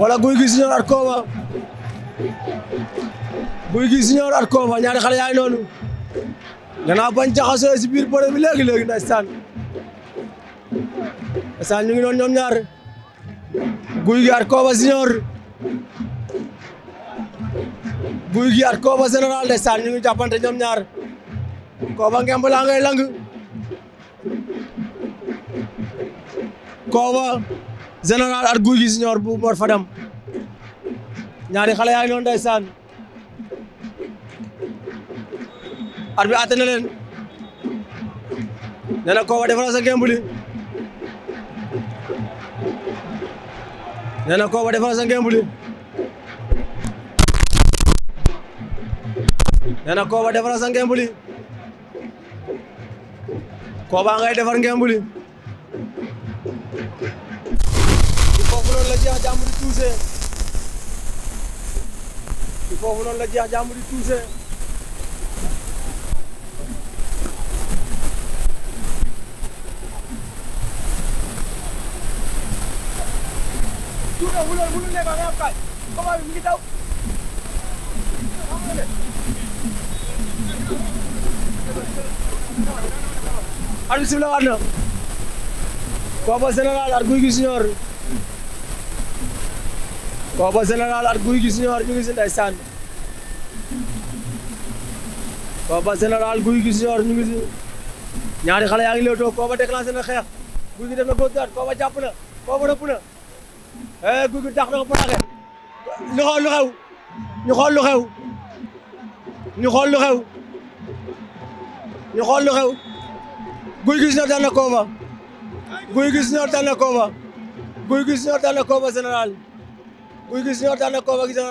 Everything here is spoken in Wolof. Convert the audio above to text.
wala guy gi junior at kooma guy gi junior at kooma ñaari xale yaay noonu gannaaw bañ jaxasoo si biir bëre bi léegi léegi ndeysaan ñu ngi noonu ñoom ñaar guy gi at kooma junior guy gi at kooma général ndeysaan ñu ngi jàppante ñoom ñaar kooma ngemb laa lang kooma général at guy gi bu Mor ñaari xale yaa ngi noonu ndeysaan at bi àtte na leen nee na kooba defaral sa ngemb li na kooba defaral sa ngemb kooba defaral sa ngemb li defar ngemb jeex jàmm di tuusee ci foofu noonu la jeex jàmm di tuusee tuuta mu loolu mënul nekk ak am kaay combat bi mi ngi daw arbitre bi la waat na combat général Gouye Gui Junior booba général ak guy gi senior ñu ngi si ndeysaan booba général guy gi senior ñu ngi si ñaari xale yaa ngi léetoo kooba déclenché na xeex guy gi def na góor daat kooba jàpp na kooba rëpp na eh guy gi tax na ko plaqué ñu xool lu xew ñu xool lu xew ñu xool lu xew ñu xool lu xew guy gi senior daan na kooba guy gi senior daan na kooba guy gi senior daan na kooba général buy gis ñoo tànn